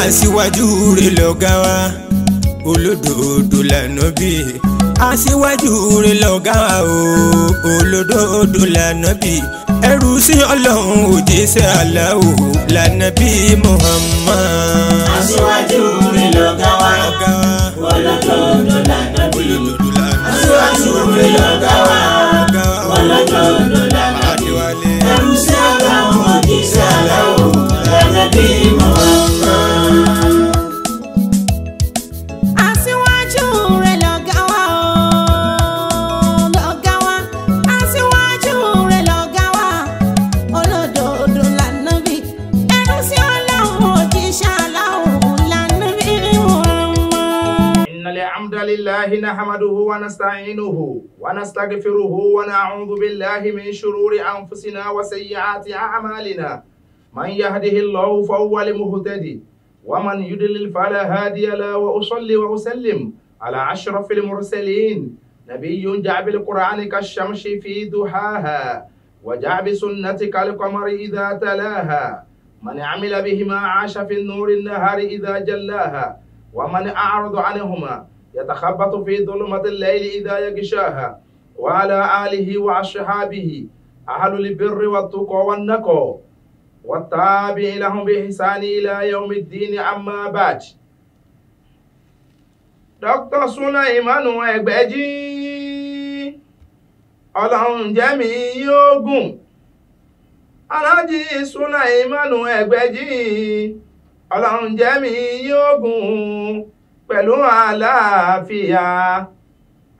aṣíwájú rẹ̀ lọ̀gá wa olódodo l'Ànábì aṣíwájú rẹ̀ lọ̀gá wa o olódodo l'Ànábì ẹrú sí ọlọ́run òjíṣẹ́ aláwo l'Ànábì Muhammad. aṣíwájú rẹ̀ lọ̀gá wa olódodo l'Ànábì aṣíwájú rẹ̀ lọ̀gá wa olódodo l'Ànábì ẹrú sí ọlọ́run òjíṣẹ́ aláwo. الحمد لله نحمده ونستعينه ونستغفره ونعوذ بالله من شرور أنفسنا وسيئات أعمالنا من يهده الله فهو المهتدي ومن يدلل فلا هادي له وأصلي وأسلم على أشرف المرسلين نبي جعب القرآن كالشمس في دحاها وجعب سنة كالقمر إذا تلاها من عمل بهما عاش في النور النهار إذا جلاها ومن أعرض عنهما يتخبط في ظلمة الليل إذا يغشاها وعلى آله وأصحابه أهل البر والتقى والنقى والتابع لهم بإحسان إلى يوم الدين أما بعد Dr. Sulaiman Ẹgbẹ́jí ọlọ́run jẹ́mi yóò gùn aláàjì Sulaiman Ẹgbẹ́jí ọlọ́run jẹ́mi yóò pẹ̀lú àlàáfíà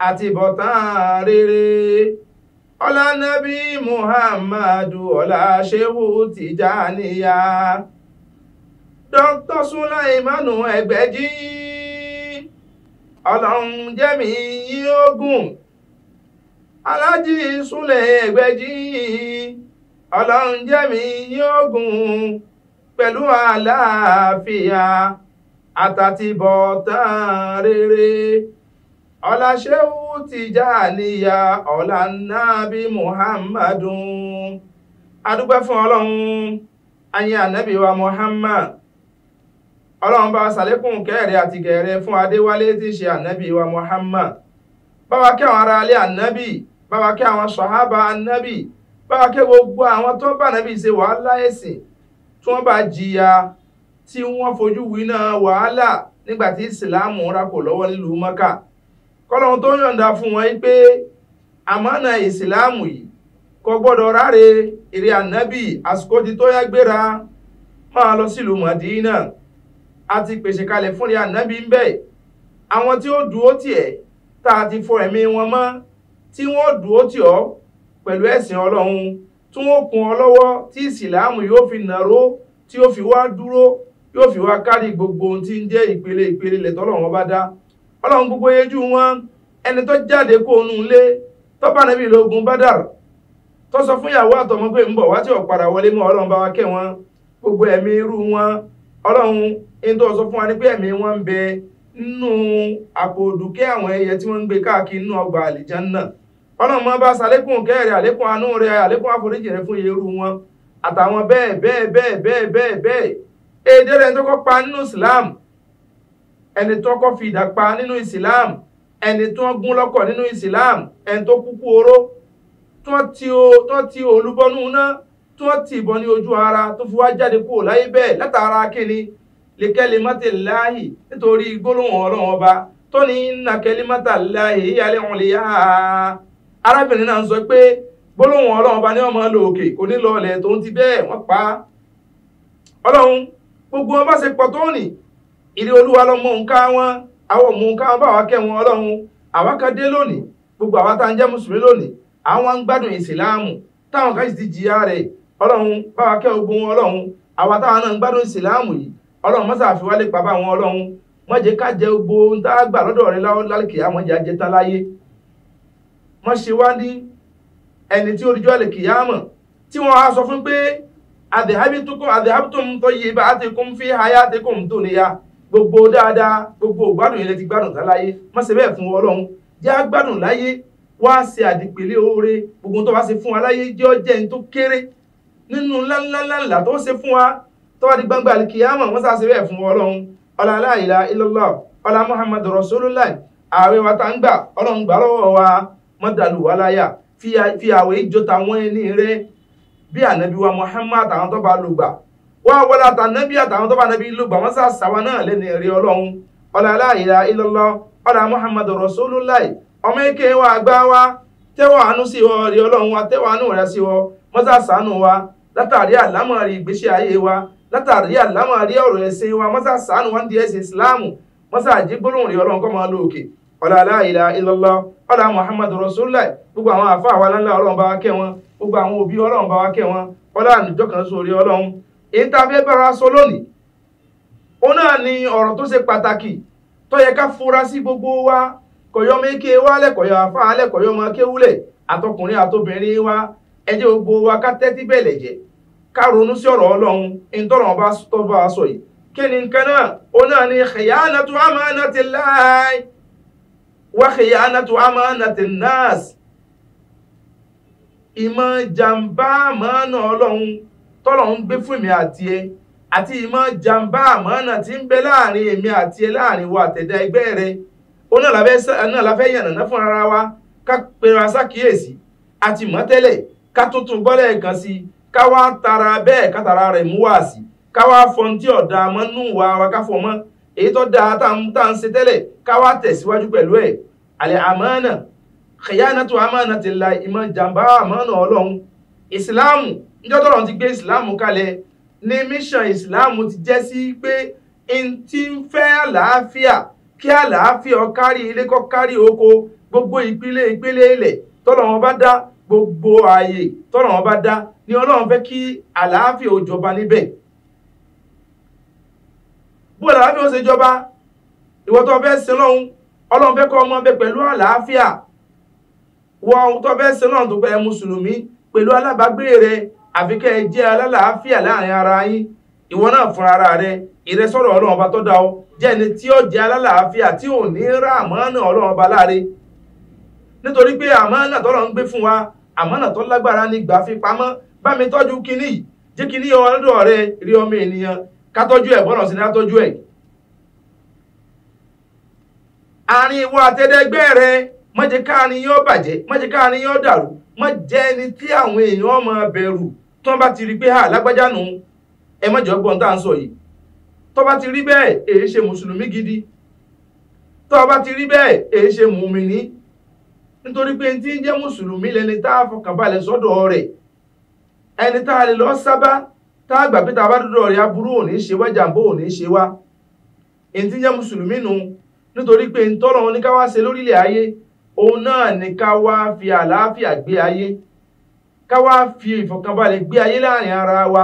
àti bọ̀tán rere ọlá nábì muhammadu ọlá ṣehu tìjànìyà dr sulaimanu ẹgbẹ́jì ọlọ́run jẹ́mi yín ogun alájì súlẹ̀ ẹgbẹ́jì ọlọ́run jẹ́mi yín ogun pẹ̀lú àlàáfíà àtàtìbọ̀tán rere ọláṣẹ́wù tìjàníyà ọ̀làǹnàbí muhammadun adúpẹ́ fún ọlọ́run ayé ànábì wa muhammad ọlọ́run bá wa ṣàlékún kẹ́ẹ̀rẹ́ àti gẹ̀ẹ́rẹ́ fún adéwálé tí í ṣe ànábì wa muhammad bá wa kẹ́ àwọn ará ilé ànábì bá wa kẹ́ àwọn sọ̀hábà ànábì bá wa kẹ́ gbogbo àwọn tó bá ànábì ṣe wàhálà ẹ̀sìn tí wọ́n bá jìyà tí wọ́n fojú winá wàhálà nígbà tí ìsìláàmù rakò lọ́wọ́ nílùú mọ́kà kọ́lọ́hún tó yọ̀ǹda fún wọn pé àmọ́nà ìsìláàmù yìí kò gbọ́dọ̀ ráre èrè ànábì àsìkò ti tó yá gbéra máa lọ sílùú mọ̀dínà a ti pèsè kalẹ̀ fún èrè ànábì ń bẹ̀ àwọn tí ó dúró tiẹ̀ tá a ti fọ ẹ̀mí wọn mọ́ tí wọ́n dúró tì ọ́ pẹ̀lú ẹ̀sìn ọlọ́run tí wọ́n kún ọ lọ́wọ́ tí ìsìláàmù yóò fi nàró tí ó fi wá dúró yóò fi wá kárí gbogbo ohun tí ń jẹ́ ìpele ìpele ilẹ̀ tọ́lọ́run bá dá ọlọ́run gbogbo yẹjú wọn ẹni tó jáde kó onú ilé tọ́ba níbi ogun bádàr tó sọ fún ìyàwó àtọmọ pé ń bọ̀ wá tí ò padà wọlé mọ́ ọlọ́run bá wa kẹ́ gbogbo ẹ̀mí irú wọn ọlọ́run sọ fún wa pé ẹ̀mí wọn ń bẹ nínú àpò òdùkẹ́ àwọn ẹyẹ tí wọ́n ń gbé káàkiri nínú ọgbà ọlọ́run máa bá àlékún fún iye irú wọn àtàwọn bẹ́ẹ̀ bẹ́ẹ̀ bẹ́ẹ̀ bẹ́ẹ̀ bẹ́ẹ̀ èdè rẹ̀ tó kọ́ pa nínú islam ẹni tó kọ́ fi idà pa nínú islam ẹni tó gún lọ́kọ̀ nínú islam ẹni tó kúkú oró tó ti olúbọnú náà tó ti ìbọn ní ojú ara tó fi wá jáde kúrò láyé bẹ́ẹ̀ látara kíni lè kalimati Allahi nítorí gbólóhùn ọlọ́run ọba tó ní inna kalimata Allahi yálẹ̀ wọn lè yá arábìnrin náà sọ pé gbólóhùn ọlọ́run ọba ní ọmọ lòkè kò ní lọ ọlẹ̀ tó ń ti bẹ́ẹ̀ wọ́n pa ọlọ́run gbogbo wọn bá ṣe pọ̀ tó nì ìrè olúwa lọ́mọ nǹka wọn àwọn ọmọ nǹka wọn bá wa kẹ́ wọn ọlọ́run àwa kan dé lónìí gbogbo àwa tá à ń jẹ́ mùsùlùmí lónìí àwọn ń gbádùn ìsìláàmù táwọn kan sì ti jìyà rẹ̀ ọlọ́run bá wa kẹ́ ogun wọn ọlọ́run àwa táwọn náà ń gbádùn ìsìláàmù yìí ọlọ́run mọ́sá àfi wálé pa bá wọn ọlọ́run má jẹ́ ká jẹ gbogbo ohun tá a gbà lọ́dọ̀ rẹ lálẹ́kì àwọn jẹ tá láyé má ṣe wá ní ẹni tí ó dijọ́ àdèhábìtúkọ àdèhábìtún tó yé bá a ti kún fi háyà ti kún tó níyà gbogbo dáadáa gbogbo ìgbádùn yẹn ti gbádùn tá láyé má ṣe bẹ́ẹ̀ fún ọlọ́run jẹ́ àgbádùn láyé wá ṣe àdìpèlé oore gbogbo tó bá ṣe fún wa láyé jẹ́ ọjẹ́ ní tó kéré nínú ńláńláńlá tó ṣe fún wa tó bá di gbangba àlìkìyàmọ̀ wọ́n ṣàṣe bẹ́ẹ̀ fún ọlọ́run ọlá la ilaha illallah ọlá muhammadu rasulullah ààrẹ wa tá ń gbà ọlọ́run gbà lọ́wọ́ wa mọ́dàlú wa láyà fi àwẹ̀ ìjọ tàwọn ẹni rẹ̀ bí ànábí wa Muhammad àtàwọn tó bá lùgbà wọ́n wọlé àtànábí àtàwọn tó bá ànábí lùgbà wọ́n sá sàwa náà lẹ́nu ẹ̀rí ọlọ́run ọ̀là aláìlá ilọ́lọ́ ọ̀là Muhammad Rasulullah ọmọ èké wa àgbà wa tẹ́wọ̀ àánú sí ọ rí ọlọ́run wa tẹ́wọ̀ àánú rẹ sí ọ wọ́n sá sànú wa látàrí àlámọ̀rí ìgbésí ayé wa látàrí àlámọ̀rí ọ̀rọ̀ ẹ̀sìn wa wọ́n sá sànú wa ń di ẹ̀sìn Ìsìláàmù wọ́n sá jí gbólóhùn rí ọlọ́run kọ́ máa lo òkè ọ̀là aláìlá ilọ́lọ́ ọ̀là Muhammad Rasulullah gbogbo àwọn àfa àwa láńlá ọlọ́run bá kẹ́ wọn gbogbo àwọn òbí ọlọ́run bá wa kẹ́ wọn ọlá ànújọ́ kan sórí ọlọ́run èyí tá a fẹ́ bára sọ lónìí òun náà ni ọ̀rọ̀ tó ṣe pàtàkì tó yẹ ká fura sí gbogbo wa kọ̀yọ́ méke wa lẹ́kọ̀yọ́ afá lẹ́kọ̀yọ́ ọmọ kéwúlẹ̀ àtọkùnrin àtobìnrin wa ẹ gbogbo wa ká tẹ́tí bẹ̀lẹ̀ jẹ́ ká ronú sí ọ̀rọ̀ ọlọ́run ìtọ́rọ̀ bá tó bá a sọ yìí kí ni nǹkan náà ìmọ̀ jàǹbá àmọ́nà ọlọ́run tọ́lọ́run gbé fún mi àti ẹ àti ìmọ̀ jàǹbá àmọ́nà tí ń bẹ láàrin èmi àti ẹ láàrin wa àtẹ̀dá ẹgbẹ́ rẹ ó náà la fẹ́ yànnàná fún ara wa ká pera sákìyèsí àti mọ́tẹ́lẹ̀ ká tuntun bọ́lẹ̀ kan sí ká wá tara bẹ́ẹ̀ ká tara rẹ̀ mú wá sí ká wá fọn tí ọ̀dà mọ́ nù wá wa ká fọ mọ́ èyí tó dáa tá à ń ṣe tẹ́lẹ̀ ká wá tẹ̀síwájú pẹ̀lú ẹ̀ àlẹ́ àmọ́nà khiyanatu amanatillahi ìmọ̀ jàǹbá àmọ́nà ọlọ́run ìsìláàmù níjọ́ tọ́lọ́run ti gbé ìsìláàmù kalẹ̀ ní mission ìsìláàmù ti jẹ́ sí pé n ti ń fẹ́ àlàáfíà kí àlàáfíà ó kárí ilé kó kárí oko gbogbo ìpínlẹ̀ ìpínlẹ̀ ilẹ̀ tọ́lọ́run bá dá gbogbo ààyè tọ́lọ́run bá dá ni ọlọ́run fẹ́ kí àlàáfíà ó jọba bó àlàáfíà ó ṣe jọba ìwọ tó fẹ́ sin lọ́hùn ọlọ́run fẹ́ kọ́ ọmọ bẹ pẹ̀lú àlàáfíà wọ ohun tó fẹ́ ṣe náà tó pẹ́ mùsùlùmí pẹ̀lú alábàágbé rẹ àfi kẹ́ ẹ jẹ́ alálàáfíà láàrin ara yín ìwọ náà fún ara rẹ ìrẹsọ̀rọ̀ ọlọ́run ọba tó dá ọ jẹ́ ẹni tí ó jẹ́ alálàáfíà tí ò ní ráàmọ́ náà ọlọ́run ọba láre nítorí pé àmánà tọ́lọ̀ ń gbé fún wa àmánà tó lágbára ní gbà fi pamọ́ bá mi tọ́jú kínní jẹ́ kínní ọlọ́dọ̀ rẹ rí ọmọ ènìyàn ká tọ́jú ẹ̀ bọ́nà sí ní ká ẹ̀ àárín ìwọ àtẹ̀dẹ́gbẹ́ rẹ má jẹ́ káàrin yín ó bàjẹ́ má jẹ́ káàrin yín dàrú má jẹ́ ẹni tí àwọn èèyàn máa bẹ̀rù tí wọ́n bá ti rí pé ha lágbájá nù ẹ má jọ gbọ́n ń sọ yìí tó bá ti rí bẹ́ẹ̀ èyí ṣe mùsùlùmí gidi tó bá ti rí bẹ́ẹ̀ èyí ṣe mùmìnì nítorí pé ń jẹ́ mùsùlùmí lẹni tá a sọ́dọ̀ rẹ̀ ẹni tá a lè lọ sábà tá a gbà pé tá a bá rẹ̀ aburú ṣe wá jàǹbó òun náà ni ká wá fi àlàáfíà gbé ayé ká wá fi ìfọ̀kànbalẹ̀ gbé ayé láàrin ara wa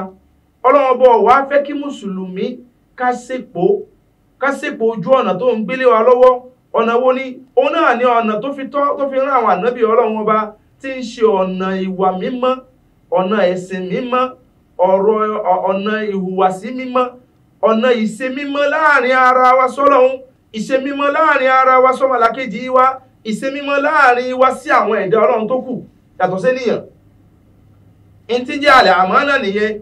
ọlọ́run bọ̀ wá fẹ́ kí mùsùlùmí ká ṣèpò ká ṣèpò ojú ọ̀nà tó ń gbélé wa lọ́wọ́ ọ̀nà wo ni òun náà ni ọ̀nà tó fi tọ́ tó fi rán àwọn ànábì ọlọ́run ọba tí ń ṣe ọ̀nà ìwà mímọ́ ọ̀nà ẹ̀sìn mímọ́ ọ̀rọ̀ ọ̀nà ìhùwàsí mímọ́ ọ̀nà ìṣe ara wa sọ́lọ́hún ìṣe mímọ́ láàrin ara wa sọ́mọlàkejì wa. ìṣemímọ́ láàrin wa sí àwọn ẹ̀dá ọlọ́run tó kù yàtọ̀ sénìyàn n ti jẹ́ àlẹ́ àmọ́ náà nìyẹn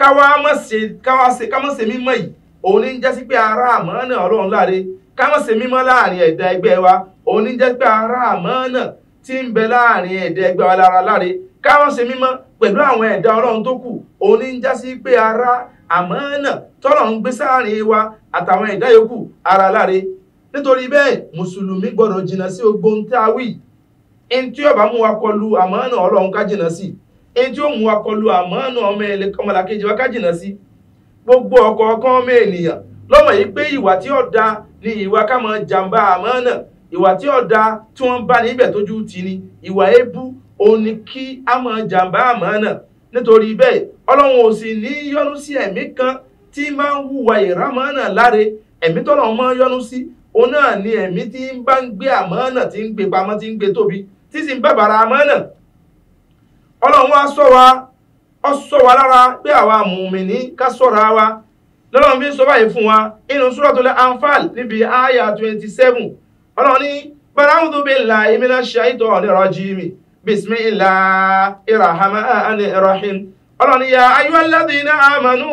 káwa mọ̀ ṣe káwa ṣe kámọ̀ ṣe mímọ́ yìí òun ní jẹ́ sí pé ara àmọ́ náà ọlọ́run láre kámọ̀ ṣe mímọ́ láàrin ẹ̀dá ẹgbẹ́ wa òun ní jẹ́ pé ara àmọ́ náà ti ń bẹ láàrin ẹ̀dá ẹgbẹ́ wa lára láre káwọn ṣe mímọ́ pẹ̀lú àwọn ẹ̀dá ọlọ́run tó kù òun ní já sí pé ara àmọ́ náà tọ́lọ̀ ń gbé sáàrin wa àtàwọn ẹ̀dá yòókù ara láre nítorí bẹ́ẹ̀ mùsùlùmí gbọ́dọ̀ jìnnà sí ogbón tá a wí ẹni tí ó bá mú wa kọlu àmánà ọlọ́run ká jìnnà sí ẹni tí ó mú wa kọlu àmánà ọmọlàkejì wa ká jìnnà sí gbogbo ọ̀kọ̀ọ̀kan ọmọ ènìyàn lọ́mọ yìí pé ìwà tí ó ni ìwà ká máa jàǹbá àmánà ìwà tí ó tí wọ́n bá níbẹ̀ tójú tì ní ìwà èébú òun ni kí a máa jàǹbá àmánà nítorí bẹ́ẹ̀ ọlọ́run ò sì ní yọ́nú sí ẹ̀mí kan tí máa ń hùwà ìrámánà láre ẹ̀mí tọ́lọ́run máa ń sí òun náà ni ẹ̀mí tí ń bá ń gbé àmánà tí ń gbé pamọ́ tí ń gbé tóbi tí sì ń bàbàrà àmánà ọlọ́run wá sọ wa ọ sọ wa lára pé àwa mùmìnì ká sọ̀ra wa lọ́lọ́run fi ń sọ báyìí fún wa inú Suratul Anfal níbi àyà twenty seven ọlọ́run ní bara'udhu billahi minash shaitonir rajim bismillahir rahmanir rahim ọlọ́run ya ayyuhalladhina amanu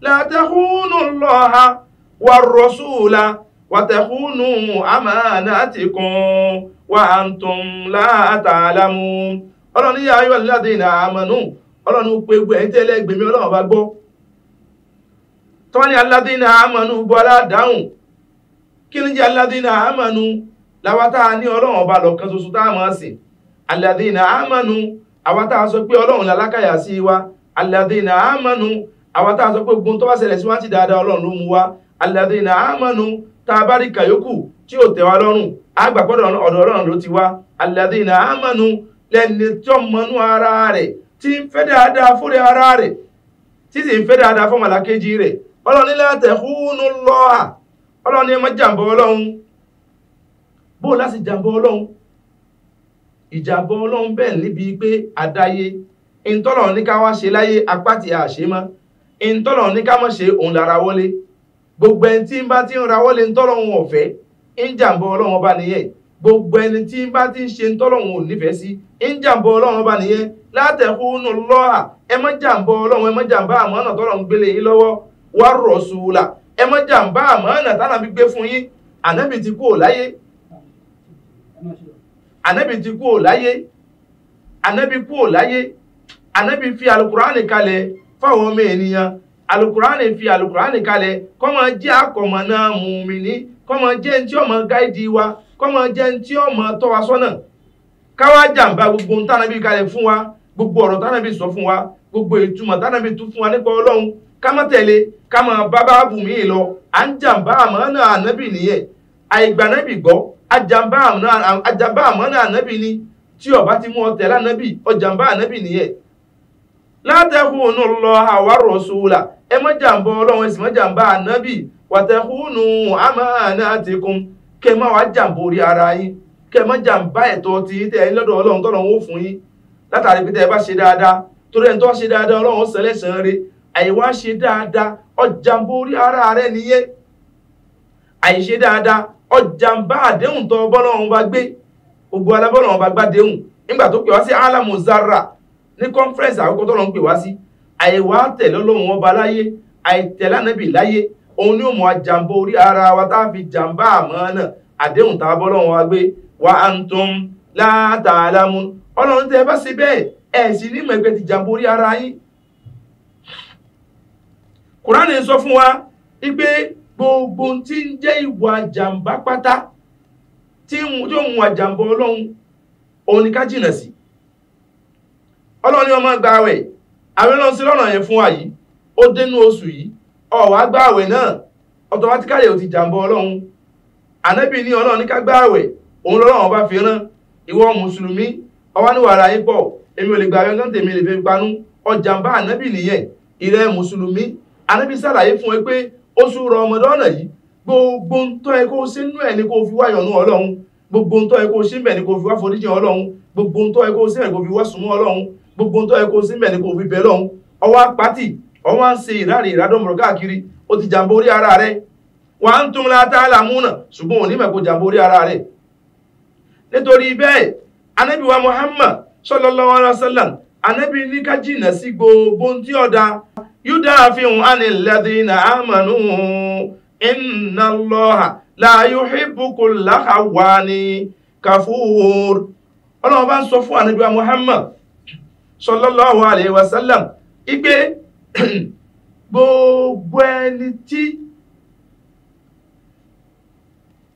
la takhunu Allaha war rasula wàtẹ̀kùnù àmànàtìkùn wà á ń tún látàlámù ọlọ́run ní ayọ́ aládé ìnà àmànù ọlọ́run pé gbogbo ẹ̀yìn tẹ́lẹ̀ gbèmí ọlọ́run bá gbọ́ tọ́ni aládé ìnà àmànù gbọ́ aládàáhùn kí ni jẹ́ aládé ìnà àmànù làwa tá a ní ọlọ́run ọba lọ́kan ṣoṣo tá a máa sìn aládé ìnà àmànù àwa sọ pé ọlọ́run làlákàyà sí wa aládé ìnà àmànù àwa tá a sọ pé gbogbo tó bá ṣẹlẹ̀ sí wa ti dáadáa ọlọ́run ló mú wa aládé ìnà àmànù tá a bá rí kàyókù tí ò tẹ̀ wá lọ́rùn àgbàgbọ́dọ̀ ọ̀dọ̀ ọlọ́run ló ti wá alladhina amanu lẹ́ni tó mọnú ara rẹ̀ tí ń fẹ́ dáadáa fúnra ara rẹ̀ tí sì ń fẹ́ dáadáa fún màlákejì rẹ̀ ọlọ́run ní la tahunu Allah ọlọ́run ní ẹ má jàǹbọ̀ ọlọ́run bó láti jàǹbọ̀ ọlọ́run ìjàǹbọ̀ ọlọ́run bẹ́ẹ̀ níbi pé àdáyé ìntọ́lọ̀ ní ká wá ṣe láyé apá ti àṣemọ́ ìntọ́lọ̀ ní ká mọ̀ ṣe òun wọlé gbogbo ẹni tí ń bá ti ń rawọ́ lé ntọ́lọ́hún ọ̀fẹ́ ń jàǹbọ̀ ọlọ́run ọba nìyẹn gbogbo ẹni tí ń bá ti ń ṣe ntọ́lọ́hún ò nífẹ̀ẹ́ sí ń jàǹbọ̀ ọlọ́run ọba nìyẹn látẹ̀kùnú lọ́hà ẹ má jàǹbọ̀ ọlọ́run ẹ má jàǹbá àmọ́nà tọ́lọ́hún gbélé yín lọ́wọ́ wá rọ̀ sùúlà ẹ má jàǹbá àmọ́nà tánàbí gbé fún yín ànábì ti kú ò láyé ànábì ti kú ò láyé ànábì kú ò láyé ànábì fi alukurani kalẹ̀ fáwọn ọmọ ènìyàn alukurani fi alukurani kalẹ̀ kọ́mọ jẹ́ akọ̀mọ̀nà mùmíní kọ́mọ jẹ́ ntí ọmọ gáìdì wa kọ́mọ jẹ́ ntí ọmọ tọ́ wa sọ́nà káwá jàǹbá gbogbo ntànàbí kalẹ̀ fún wa gbogbo ọ̀rọ̀ tànàbí sọ fún wa gbogbo ìtumọ̀ tànàbí tún fún wa nípa ọlọ́run ká má tẹ̀lé ká má bábá bùnmí lọ à ń jàǹbá àmánà ànábì nìyẹn àìgbà ànábì gbọ́ àjàǹbá àmánà ànábì ni tí ó bá ti mú ọ tẹ̀lé ànábì ó jàǹbá ànábì nìyẹn látẹ̀kùnú lọ àwárọ̀ sùúlà ẹ má ọlọ́run ẹ sì ànábì wàtẹ̀kùnú àmàna ti kẹ má wàá orí ara yín kẹ má ẹ̀tọ́ ti tẹ̀ ẹ́ lọ́dọ̀ ọlọ́run tọ́lọ́ ó fún yín látàrí pé ẹ bá ṣe dáadáa torí ẹ̀ ń tọ́ ṣe dáadáa ọlọ́run sẹlẹ̀sán dáadáa ara rẹ nìyẹn dáadáa ní conference àkọ́kọ́ tó lọ ń pè wá sí àìwá tẹ̀lé ọlọ́run ọba láyé àìtẹ̀lé ànábì láyé òun ni ó mọ àjàmbá orí ara wa tá a fi jàmbá àmọ́ náà àdéhùn tá a bọ́ lọ́run wa gbé wa antum la ta'lamun ọlọ́run tẹ́ ẹ bá ṣe bẹ́ẹ̀ ẹ̀ sì ní ìmọ̀ ẹgbẹ́ ti jàmbá orí ara yín. kùránì sọ fún wa wípé gbogbo tí ń jẹ́ ìwà jàmbá pátá tí ó mú àjàmbá ọlọ́run òun ni ká jìnà sí ọlọ́run ni ọmọ gba àwẹ̀ àwẹ̀ lọ́n sí lọ́nà yẹn fún wa yìí ó dénú oṣù yìí ọ̀wá gba àwẹ̀ náà automatically ò ti jàǹbọ̀ ọlọ́run ànábì ní ọlọ́run ní ká gba àwẹ̀ òun lọ́lọ́run ọba fi rán ìwọ mùsùlùmí ọwá ní wàrà yín pọ̀ èmi ò lè gba àwẹ̀ nǹkan tèmi lè fi panú ọjàǹbá ànábì nìyẹn ìrẹ́ mùsùlùmí ànábì sàlàyé fún ẹ pé oṣù rọmọdọ́nà yìí gbogbo ń tọ́ ẹ kó o ṣe nú ẹ ní kó o fi wáyọ̀ nú ọlọ́run gbogbo ń wá foríjì ọlọ́run gbogbo ń ẹ kó o ṣe ń bẹ̀ ní fi wá súnmọ́ ọlọ́run gbogbo tó yẹ kó sí mẹ́rin kò fi bẹ́ẹ̀ lọ́hùn ọwọ́ apátì ọwọ́ ń ṣe ìrádọ́mọ̀rọ̀ káàkiri ó ti jàǹbó orí ara rẹ̀ wà ń tún látà lámúnà ṣùgbọ́n òní mẹ́kò jàǹbó orí ara rẹ̀ nítorí bẹ́ẹ̀ anábì wa Muhammad sallallahu alaihi wasallam anábì ní ká jìnà sí gbogbo tí ọ̀dà kafur ọlọ́run bá ń sọ fún wa Muhammad sallallahu alayhi wa sallam igbe gbogbo ẹni tí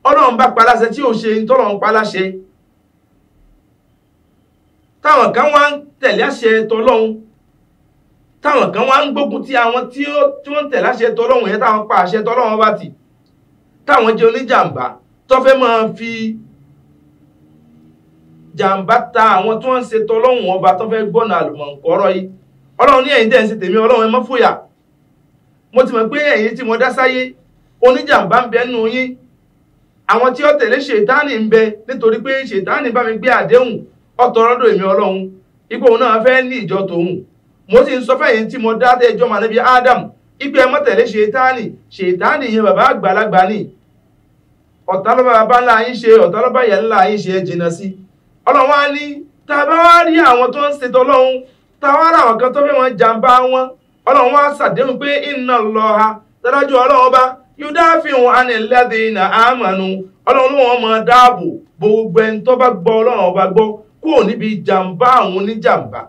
ọlọ́run bá paláṣẹ tí ò ṣe tọ́lọ́run paláṣẹ táwọn kan wá ń tẹ̀lé àṣẹ tọ́lọ́run táwọn kan wá ń gbógun ti àwọn tí wọ́n ń tẹ̀lé àṣẹ tọ́lọ́run yẹn táwọn pa àṣẹ tọ́lọ́run bá tì táwọn jẹ́ oníjàǹbá tó fẹ́ máa fi jàǹbá ta àwọn tí wọ́n ń ṣe tọ́lọ́hùn ọba tó fẹ́ gbọ́nà àlùmọ̀ǹkọ́rọ́ yìí ọlọ́run ní ẹ̀yin dẹ́n sí tèmi ọlọ́run ẹ má fòyà mo ti mọ̀ pé ẹ̀yin tí mo dá sáyé oníjàǹbá ń bẹ nù yín àwọn tí ó tẹ̀lé ṣètánì ń bẹ nítorí pé ṣètánì bá mi gbé àdéhùn ọ̀tọ̀rọ̀dọ̀ èmi ọlọ́run ipò òun náà fẹ́ ní ìjọ tòun mo sì ń sọ fẹ́yìn tí mo dá tẹ́ ẹjọ́ mànẹ́bí Adam ipe ẹ má tẹ̀lé ṣètánì ṣètánì yẹn bàbá àgbàlagbà ni ọ̀tá ló bá bá ńlá yín ṣe ọ̀tá ló bá ńlá yín ṣe ẹ jìnnà sí i ọlọ́run wá ní tá a bá wá rí àwọn tó ń ṣètò ọlọ́run tá a wá rà kan tó wọn jàǹbá wọn ọlọ́run wá ṣàdéhùn pé iná lọ ha dájú ọlọ́run bá yóò dáàfihàn anilẹ́dẹ̀ iná àmànù ọlọ́run ló wọn máa dáàbò bo bá gbọ́ ọlọ́run níbi jàǹbá àwọn oníjàǹbá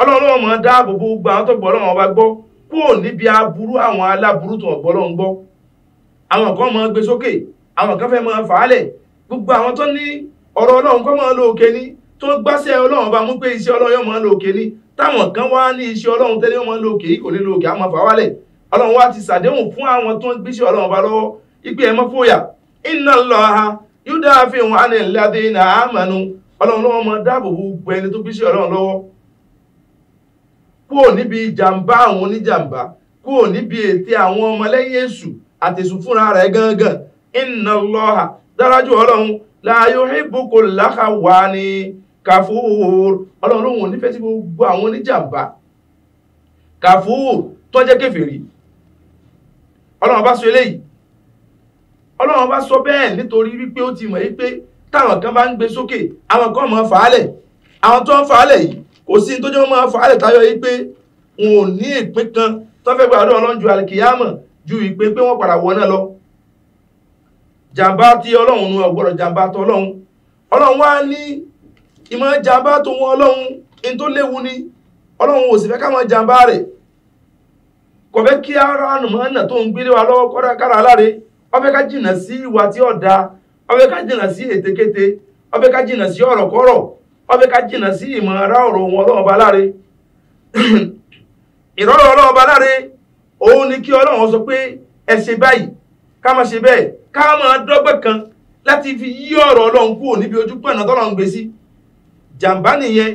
ọlọ́run ló wọn máa dáàbò bo gbogbo àwọn tó níbi aburú àwọn aláburú tó gbọ́ ọ̀rọ̀ ọlọ́run kọ́ máa lo òkè ní tó gbáṣẹ́ ọlọ́run bá mú pé iṣẹ́ ọlọ́run máa lo òkè ni táwọn kan wá ní iṣẹ́ ọlọ́run tẹ́lẹ̀ máa lo òkè yìí kò ní lo òkè àmọ́ fà ọlọ́run ti ṣàdéhùn fún àwọn tó ń gbéṣẹ́ ọlọ́run bá lọ́wọ́ lọ ha fi hàn án iná ọlọ́run lọ́wọ́ máa dáàbò gbogbo ẹni tó gbéṣẹ́ ọlọ́run lọ́wọ́ níbi ìjàmbá àwọn oníjàmbá níbi àwọn àtẹ̀sùn fúnra rẹ̀ láàyò ìbùkún láhàwá ni kàfúr ọlọ́run òun nífẹ̀ẹ́ sí gbogbo àwọn oníjàmbá kàfúr tó jẹ́ kèfèrí ọlọ́run bá sọ eléyìí ọlọ́run bá sọ bẹ́ẹ̀ nítorí wípé ó ti mọ̀ yí pé táwọn kan bá ń gbé sókè àwọn kan máa fàálẹ̀ àwọn tó ń fàálẹ̀ yìí kò sí tó jẹ́ wọ́n máa fàálẹ̀ tayọ yí pé wọn ò ní ìpín kan tó fẹ́ gbàdúrà ọlọ́run ju àlìkìyàmọ̀ ju ìpín pé wọ́n padà wọ náà lọ jàmbá tí ọlọ́run nu ọ̀gbọ́dọ̀ jàmbá tó ọlọ́run ọlọ́run wá ní ìmọ̀ jàmbá tó wọn ọlọ́run in tó léwu ni ọlọ́run ò sì fẹ́ káwọn jàmbá rẹ̀ kò fẹ́ kí ara ànàmọ́nà tó ń gbélé wa lọ́wọ́ kọ́ra kára láre ó fẹ́ ká jìnà sí ìwà tí ó da fẹ́ ká jìnà sí ètekéte ó fẹ́ ká jìnà sí ọ̀rọ̀kọ́rọ̀ ó fẹ́ ká jìnà sí ìmọ̀ ara ọ̀rọ̀ wọn ọlọ́run ba láre ìrọ̀rọ̀ ọlọ́run ba láre òun ni kí ọlọ́run sọ pé ẹ ṣe báyìí ká má ṣe bẹ́ẹ̀ ká máa dọ́gbẹ́ kan láti fi yí ọ̀rọ̀ ọlọ́run kúrò níbi ojú pẹ̀nà tọ́lọ́run gbé sí jàǹbá nìyẹn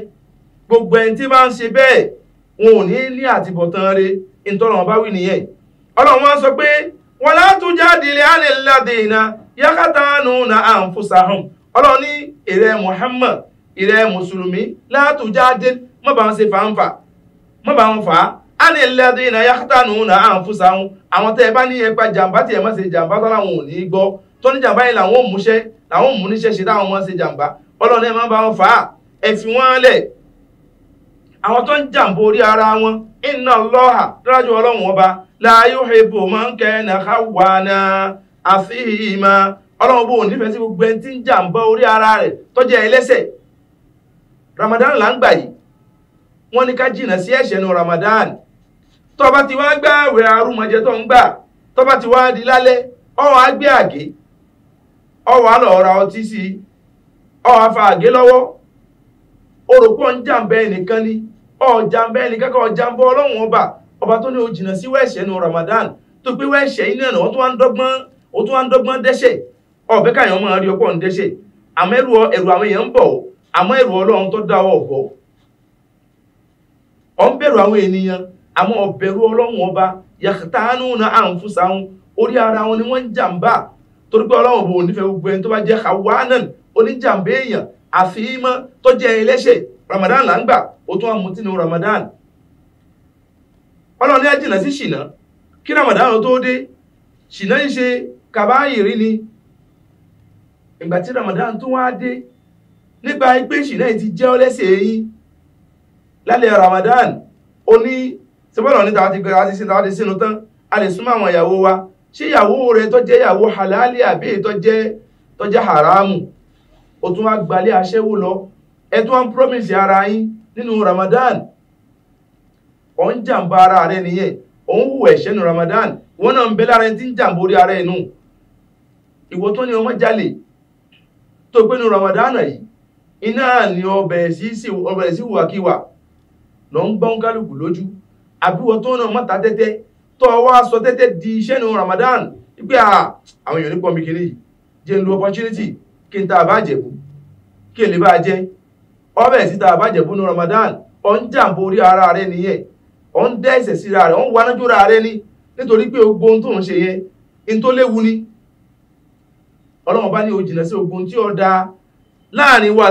gbogbo ẹni tí bá ń ṣe bẹ́ẹ̀ wọn ò ní ilé àtibọ̀tán re ìtọ́lọ́run bá wí nìyẹn ọlọ́run wá sọ pé wọn látún jáde ilé alẹ́ ládé iná yákàtà nù na àǹfọ̀sàhùn ọlọ́run ní ìrẹ́ Muhammad ìrẹ́ mùsùlùmí látún jáde má bá ṣe fàǹfà má bá fàá anìlẹ́dún iná na náà na wọn àwọn tẹ́ ẹ bá ní ẹgbà jàǹbá tí ẹ má ṣe jàǹbá tó láwọn ò ní í gbọ́ tó ní jàǹbá yìí làwọn ò múṣẹ́ làwọn ò mú níṣẹ́ ṣe táwọn wọn ẹ má bá wọn fà á ẹ fi àwọn tó ń jàmbá orí ara wọn iná lọ́hà dájú ọlọ́run ọba láàyò ìbò máa ń kẹ́ wà àfi ọlọ́run sí ń orí ara tó jẹ́ Ramadan tó bá ti wá gbá àwẹ̀ arúmọjẹ tó ń gbà tó bá ti wá di lálẹ́ ọwọ́ á gbé àgé ọwọ́ á lọ ra ọtí sí i ọwọ́ á fa àgé lọ́wọ́ oròpọ̀ ń jàǹbẹ́ nìkan ni ọ̀jàǹbẹ́ nìkan kan ọ̀jàǹbọ́ ọlọ́run ọba ọba tó ní o jìnnà sí wẹ́ẹ̀ṣẹ̀ nu Ramadan tó pé wẹ́ẹ̀ṣẹ̀ iná náà wọ́n tún wá ń dọ́gbọ́n ó tún wá ń dọ́gbọ́n dẹ́ṣẹ̀ ọ̀bẹ́ káyọ̀ máa rí ọpọ́ ń dẹ́ṣẹ̀ àmọ́ ẹrù ẹrù àwọn èèyàn ń bọ̀ àmọ́ ẹrù ọlọ́run tó dáwọ́ ọ̀bọ̀ ọ̀ ń bẹ̀rù àwọn ènìyàn àwọn ọ̀bẹ̀rù ọlọ́run ọba yàtàánú na àǹfùsà wọn orí ara wọn ni wọ́n ń jàǹbá torí pé ọlọ́run bò nífẹ̀ẹ́ gbogbo ẹni tó bá jẹ́ hawanan oníjàǹbá èèyàn àfihímọ́ tó jẹ́ ẹlẹ́ṣẹ̀ ramadan là ń gbà ó tún àmú tínú ramadan ọlọ́run ní àjìnà sí ṣìnà kí ramadan tó dé ṣìnà ń ṣe kàbáyìrí ni ìgbà tí ramadan tún wá dé nígbà pé ṣìnà ti jẹ́ ọlẹ́sẹ̀ yín lálẹ́ ramadan ó ní sọ́bọ̀nà níta àti gbẹ̀rẹ̀ àti síta àti sínú tán a lè súnmọ́ àwọn ìyàwó wa ṣé ìyàwó rẹ tó jẹ́ ìyàwó halali àbí tó jẹ́ haramu o tún wá gbalẹ̀ aṣẹ́wó lọ ẹ tún promise ara yín nínú Ramadan ọ̀ ń jàǹbá ara rẹ nìyẹn ò ń hùwà ẹ̀ṣẹ̀ nínú Ramadan wọn náà ń bẹ lára ẹni tí ń jàǹbá orí ara ẹ̀ ìwọ tó ní ọmọ jalè tó gbé nínú Ramadan yìí iná ni ọbẹ̀ sí wàkíwà lọ ń gbọ́n kálukú lójú àbí wọn tó náà mọ́ta tẹ́tẹ́ tó wá sọ tẹ́tẹ́ di iṣẹ́ nu Ramadan pé àwọn èèyàn nípa omi kiri jẹ́ ń lo opportunity kí n ta àbájẹ̀bú kí èlé bá jẹ́ ọbẹ̀ nu Ramadan ọ ń jàǹbó ara rẹ nìyẹn ọ ń dẹ́ ẹ̀sẹ̀ síra rẹ̀ ọ ń wanájú ra rẹ ní nítorí pé gbogbo ohun tó ń ni ní o jìnà sí ogun tí ó da láàrin wa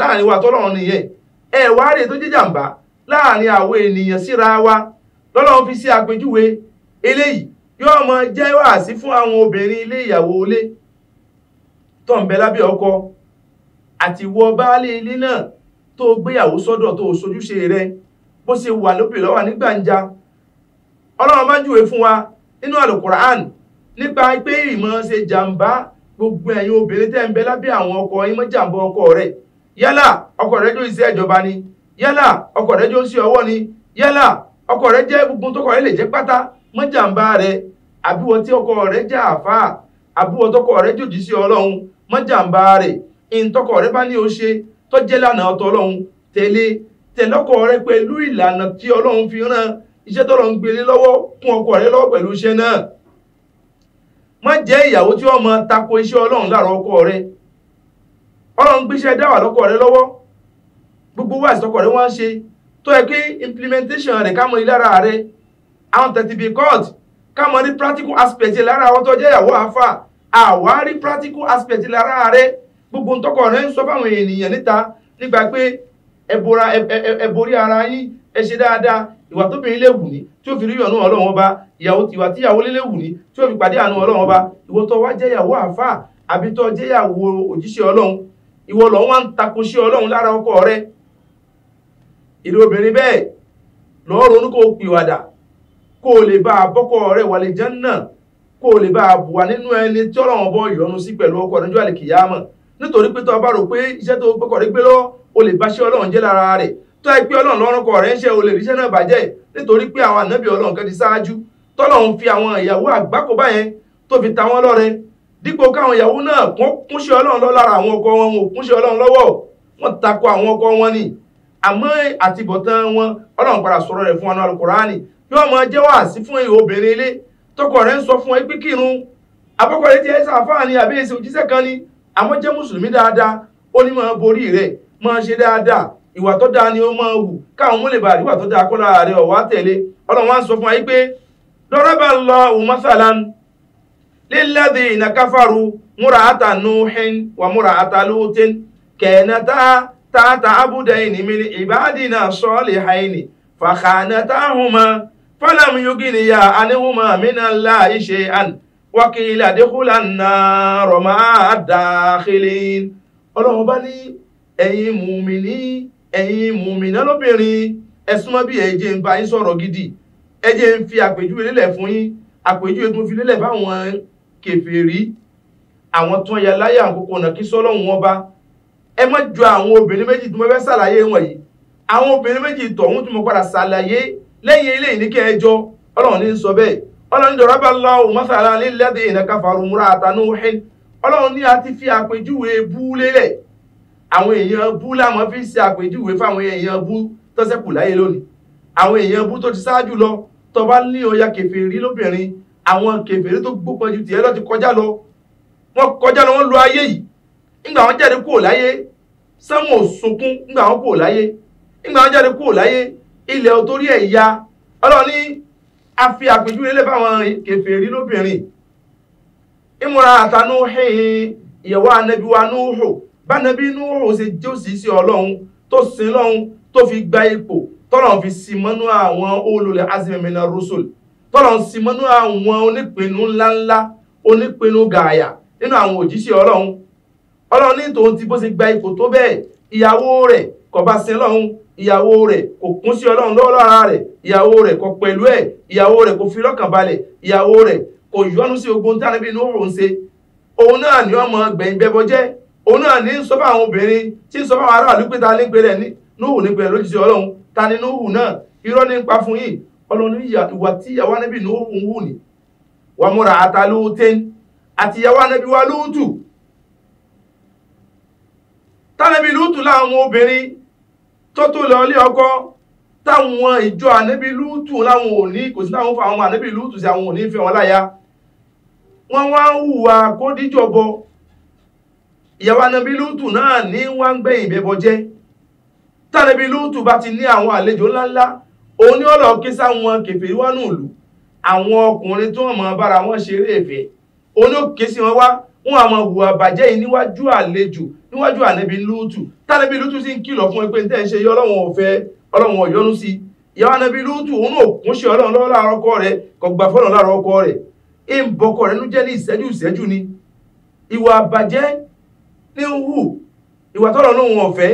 láàrin wa nìyẹn ẹ̀ láàrin àwọn ènìyàn síra wa lọ́lọ́run fi sí àpèjúwe eléyìí yóò mọ jẹ́ wàásí fún àwọn obìnrin ilé ìyàwó ilé tó ń bẹ lábẹ́ ọkọ àti wọ baálé ilé náà tó gbéyàwó sọ́dọ̀ tó sojúṣe rẹ bó ṣe wà lópè lọ́wà ní gbàǹjà ọlọ́run bá júwe fún wa nínú àlùkùránì nípa pé ìmọ̀ ṣe jàǹbá gbogbo ẹ̀yin obìnrin tẹ́ ń bẹ lábẹ́ àwọn ọkọ yín jàǹbá ọkọ rẹ̀ yálà ọkọ rẹ̀ jó iṣẹ́ ìjọba ni yálà ọkọ rẹ jó sí ọwọ́ ni yálà ọkọ rẹ jẹ́ gbogbo tọkọ rẹ lè jẹ́ pátá mọ́jàmbá rẹ àbúwọ tí ọkọ rẹ jẹ́ àfáà àbúwọ tọkọ rẹ jòjì sí ọlọ́run mọ́jàmbá rẹ ìǹtọkọ rẹ bá ní o ṣe tọ́jẹ́ lànà ọ̀tọ̀ ọlọ́run tẹ̀lé tẹ̀lọ́kọ rẹ pẹ̀lú ìlànà tí ọlọ́run fi rán iṣẹ́ tọ́lọ́ ń gbélé lọ́wọ́ kún ọkọ rẹ lọ́wọ́ pẹ̀lú iṣẹ́ náà má jẹ́ ìyàwó tí wọ́n mọ tako iṣẹ́ ọlọ́run láàrọ̀ ọkọ rẹ ọlọ́run gbéṣẹ́ dáwà lọ́kọ rẹ lọ́wọ́ gbogbo wá ìsọkọ̀ rẹ̀ wọ́n ṣe tó yẹ pé implementation rẹ̀ ká mọ ní lára rẹ̀ àwọn tẹ̀tí bí court ká mọ ní practical aspect lára àwọn tó jẹ́ ìyàwó àáfà àwárí practical aspect lára rẹ̀ gbogbo ntọ́kọ̀ rẹ̀ ń sọ fáwọn ènìyàn níta nígbà pé ẹ borí ara yín ẹ ṣe dáadáa ìwà tóbìnrin lè wù ní tí ó fi rí ìyọ̀nù ọlọ́run ọba ìyàwó tìwà tíyàwó lè wù ní tí ó fi pàdé àánú ọlọ́run ọba ìwọ tó wá jẹ́ ìyàwó àáfà àbí tó jẹ́ ìyàwó òjíṣẹ́ ọlọ́run ìwọ lọ́wọ́ ń takoṣẹ́ ọlọ́run lára ọkọ rẹ̀ ìlú obìnrin bẹ́ẹ̀ lọ́ọ́ ronú kó pìwàdà kó o lè bá a bọ́kọ̀ rẹ̀ wà lè jẹ́ náà kó o lè bá a wà nínú ẹni tí ọlọ́wọ́n bọ́ ìyọnu sí pẹ̀lú ọkọ níjọ́ àlìkìyàmọ̀ nítorí pé tó o bá rò pé iṣẹ́ tó gbọ́kọ̀ rí gbé lọ́wọ́ o lè bá ṣe ọlọ́run jẹ́ lára rẹ̀ tó ẹ pé ọlọ́run lọ́rùn kọ̀ rẹ̀ ń ṣe o lè ríṣẹ́ náà bàjẹ́ nítorí pé àwọn ànábì ọlọ́run kan ti ṣáájú tọ́lọ́run fi àwọn ìyàwó àgbákò báyẹn tó fi ta wọ́n lọ́rẹ dípò káwọn ìyàwó náà kún kúnṣe ọlọ́run lọ́ lára àwọn ọkọ wọn wọn ò kúnṣe ọlọ́run lọ́wọ́ wọn tako àwọn ọkọ wọn ni àmọ́ àtibọ̀tán wọn ọlọ́run padà sọ̀rọ̀ rẹ̀ fún wọn alukurani yóò máa jẹ́ wàásí fún èyí obìnrin ilé tọkọ rẹ̀ ń sọ fún ẹ pé kírun abọ́kọ̀ rẹ̀ ti ẹ̀ sàfáà ni àbí èsì òjíṣẹ́ kan ni àmọ́ jẹ́ mùsùlùmí dáadáa ó ní máa borí rẹ̀ máa ṣe dáadáa ìwà tó dáa ni ó máa wù káwọn múlẹ̀ bàrí ìwà tó dáa kọ́ lára rẹ̀ ọ̀wá tẹ̀lé ọlọ́run wá tata abudaini min ibadina salihaini fakhanatahuma falam yugniya anihuma min allahi shay'an wa qila dukhula an-nar ma'a ad-dakhilin ọlọ́run bá ní ẹ̀yin mùmíní ẹ̀yin mùmínà lóbìnrin ẹ̀sùnmọ́ bí ẹ̀jẹ̀ ń bá yín sọ̀rọ̀ gidi ẹ̀jẹ̀ ń fi àpèjúwe lélẹ̀ fún yín àpèjúwe tó fi lélẹ̀ fáwọn kèfèrí àwọn tó ń ya láyà àkókò náà kí sọ́lọ́run wọn bá ẹ má ju àwọn obìnrin méjì tí mo fẹ́ ṣàlàyé wọn yìí àwọn obìnrin méjì tọ̀hún tí mo padà ṣàlàyé lẹ́yìn ilé yìí ní kẹjọ ọlọ́run ní sọ bẹ́ẹ̀ ọlọ́run ní dọ̀rọ̀bà lọ́wọ́ mọ́sálà lílẹ́dẹ̀ ìnà káfàrú múra àtànú hẹ́n ọlọ́run ní a ti fi àpèjúwe bú lélẹ̀ àwọn èèyàn bú làwọn fi ṣe àpèjúwe fáwọn èèyàn bú tó ṣẹ́kù láyé lónìí àwọn èèyàn bú tó ti ṣáájú lọ tó ní ọya kèfèrí lóbìnrin àwọn kèfèrí tó gbópọn ju tìyẹ́ lọ ti kọjá lọ wọ́n kọjá lọ wọ́n lo ayé yìí nígbà wọn jáde kúrò láyé sẹ́wọ̀n ò sunkún nígbà wọn kúrò láyé nígbà wọn jáde kúrò láyé ilẹ̀ torí ẹ̀ ya ọlọ́run ní a fi àpèjúwe lé fáwọn kèfèrí lóbìnrin ìmúra àtànú hìn ìyẹ̀wò ànẹ́bí wa núhù bánẹ́bí núhù ṣe jẹ́ òṣìṣẹ́ ọlọ́run tó sin lọ́run tó fi gba ipò tọ́lọ̀ fi si mọ́nú àwọn olùlẹ̀ azimina rusul tọ́lọ̀ ń si mọ́nú àwọn onípinnu ńláńlá onípinnu gààyà nínú àwọn òjíṣẹ́ ọlọ́run ọlọ́run ní tòun ti bó ṣe gba ipò tó bẹ́ẹ̀ ìyàwó rẹ̀ kò bá sin ọlọ́run ìyàwó rẹ̀ kò kún sí ọlọ́run lọ́wọ́ ara rẹ̀ ìyàwó rẹ̀ kò pẹ̀lú ẹ̀ ìyàwó rẹ̀ kò fi lọ́kàn balẹ̀ ìyàwó rẹ̀ kò yọnu sí ogun tánibí inú òun ṣe òun náà ni ọmọ gbẹ̀yìn bẹbọ jẹ́ òun náà ní sọ fún àwọn obìnrin tí sọ fún àwọn aráàlú pé ta ní pe rẹ̀ núhù ní rẹ̀ lójijì ọlọ́run ta ni núhù náà irọ́ ní pa fún yìí ọlọ́run ìwà tí ìyàwó tánàbí lútù láwọn obìnrin tó tó lọ ilé ọkọ táwọn ìjọ ànábì lútù láwọn ò ní kò sí táwọn fa àwọn ànábì lútù sí àwọn ò ní fẹ́ wọn láya wọ́n wá ń hùwà kó díjọ̀bọ ìyàwó ànábì lútù náà ní wá ń gbé ìbẹ́bọ jẹ́ tánàbí lútù bá ti ní àwọn àlejò ńláńlá òun ní ọ̀lọ́ kí sáwọn kẹfẹ́ wọnú ìlú àwọn ọkùnrin tó wọ́n mọ̀ bára wọn ṣeré ìfẹ́ òun ní ó kí wọn wá wọn a máa hùwà bàjẹ́ yìí níwájú àlejò níwájú ànẹ́bí lútù tánẹ́bí lútù sì ń kìlọ̀ fún pé tẹ́ ń ṣe yọ ọlọ́run ọ̀fẹ́ ọlọ́run ọ̀yọ́nú sí ìyàwó ànẹ́bí lútù òun náà kún ṣe ọlọ́run lọ́wọ́ láàárọ̀ ọkọ rẹ̀ kò gbà fọ́nà láàárọ̀ ọkọ rẹ̀ e ń bọkọ rẹ̀ nú ní ìṣẹ́jú ìṣẹ́jú ni ìwà àbàjẹ́ ní ń hù ìwà tọ́lọ̀ náà wọn ọ̀fẹ́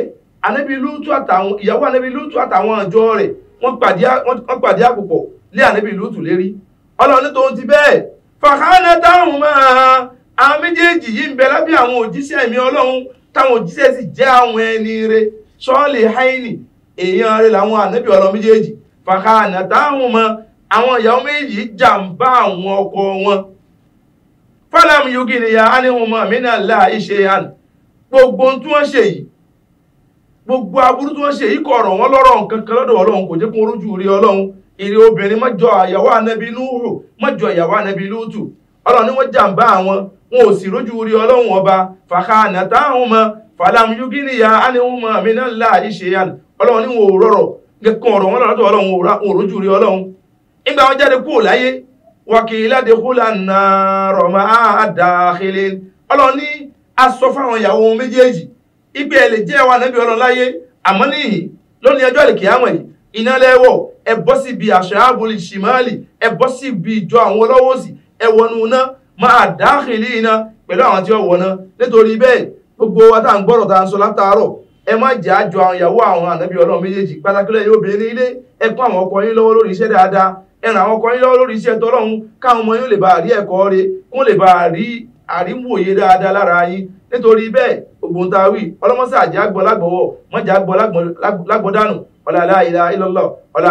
ànẹ́bí lútù àtàwọn ìyàwó ànẹ́bí lútù àtàwọn àjọ rẹ̀ wọ́n pàdé àpòpọ̀ lé ànẹ́bí lútù lérí ọlọ́run ní tòun ti bẹ́ẹ̀ àwọn méjèèjì yìí ń bẹ lábẹ́ àwọn òjíṣẹ́ ẹ̀mí ọlọ́run táwọn òjíṣẹ́ sì jẹ́ àwọn ẹni sọ́ọ̀lì haini èèyàn rẹ làwọn ànábì ọlọ́run méjèèjì fàkà ànàtàwọn mọ àwọn ìyàwó méjì jàǹbá àwọn ọkọ wọn fọlámù yugi ni yàrá ni wọn mọ àmínà là gbogbo tí wọ́n gbogbo aburú tí ṣe yìí wọn nǹkan kan kò kó rí ìrì obìnrin àyàwó ànábì àyàwó ànábì wọn ò sì rójú orí ọlọ́run ọba fàkà ànàtà àwọn ọmọ fàlàm yuginiya ánìhùn mọ àmì náà là ìṣe yàn ọlọ́run ní wọn ò rọrọ̀ kankan ọ̀rọ̀ wọn lọ́dọ̀ ọlọ́run wọn ò rójú orí ọlọ́run nígbà wọn jáde kúrò láyé wàkìlá dekúlà nàárọ̀ máa dàkìlẹ̀ ọlọ́run ní aṣọ fáwọn ìyàwó méjèèjì ibi ẹ̀ lè jẹ́ wa nàbí ọlọ́run láyé àmọ́ níyì lónìí ọjọ́ àlèkìyàmọ̀ yìí iná máa dáhìlì iná pẹ̀lú àwọn tí ó wọ̀nà nítorí bẹ́ẹ̀ gbogbo wa ń gbọ́rọ̀ tá sọ látàárọ̀ ẹ má jẹ́ àjọ àwọn ìyàwó àwọn ànábì ọlọ́run méjèèjì pàtàkì lẹ́yìn obìnrin ilé ẹ àwọn ọkọ lọ́wọ́ lórí iṣẹ́ dáadáa ẹ àwọn ọkọ lọ́wọ́ lórí iṣẹ́ tọ́lọ́run káwọn ọmọ yín lè bá rí ẹ̀kọ́ rẹ̀ wọ́n lè bá rí àríwòye dáadáa lára yín nítorí bẹ́ẹ̀ ògbóǹtarì ọlọ́mọsá àjẹ́ àgbọ̀ lágbọ̀wọ̀ mọ́jà ọ̀làlá ìlà ìlọ́lọ́ ọ̀là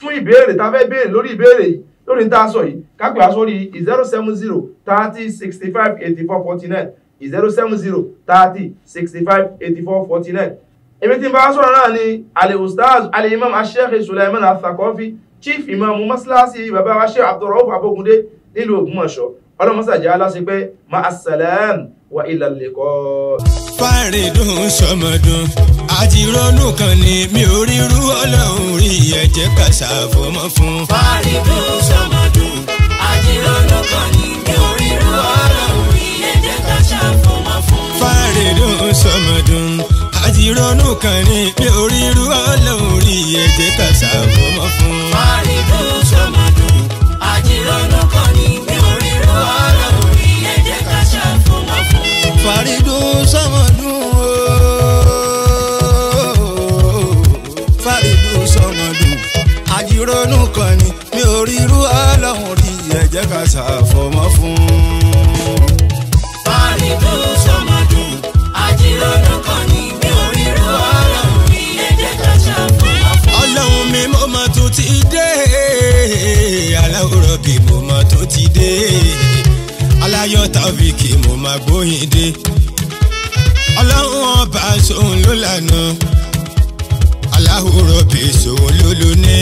fún ìbéèrè tá a fẹ́ béèrè lórí ìbéèrè yìí lórí ní tá a sọ yìí kápẹ́ àsórí zero seven zero thirty sixty five eighty four forty nine zero seven zero thirty sixty five eighty four forty nine èmi tí n bá sọ̀rọ̀ náà ni alẹ́wùstáàz alẹ́yìmọ́m aṣẹ́kẹ́ Sulaiman Athaqafi chief imam mọ́sálásí bàbá wa ṣe Abdurrauf Abogundé nílùú Ògbómọ̀ṣọ́ ọlọ́mọsàjà aláṣepẹ́ ma assalam wa ila liqa. fáàrin dùn sọmọdún àti ronú kan ni mi ò rírú ọlọ́run rí ẹ̀jẹ̀ ká ṣàfọmọ́ fún. fàrídù sọmọdún àti ronú kan ni mi ò rírú ọlọ́run rí ẹ̀jẹ̀ ká ṣàfọmọ́ fún. fàrídù sọmọdún àti ronú kan ni mi ò rírú ọlọ́run rí ẹ̀jẹ̀ ká ṣàfọmọ́ fún. fàrídù sọmọdún àti ronú kan ni mi ò rírú ọlọ́run rí ẹ̀jẹ̀ ká ṣàfọmọ́ fún. fàrídù sọmọdún. ọlọ́run rí ẹ jẹ́ ká ṣàfọmọ́ fún un. fáàlìdù sọmọdún àjíròdùn kan ní bí orírò ọlọ́run rí ẹ jẹ́ ká ṣàfọmọ́ fún un. ọlọ́run mi mo mọ̀ tó ti dé aláwòrán bí mo mọ̀ tó ti dé aláyọ̀ tábìkì mo máa gbóyin dé ọlọ́run ọba sóun ló lànà aláwòrán bí sóun ló lóní.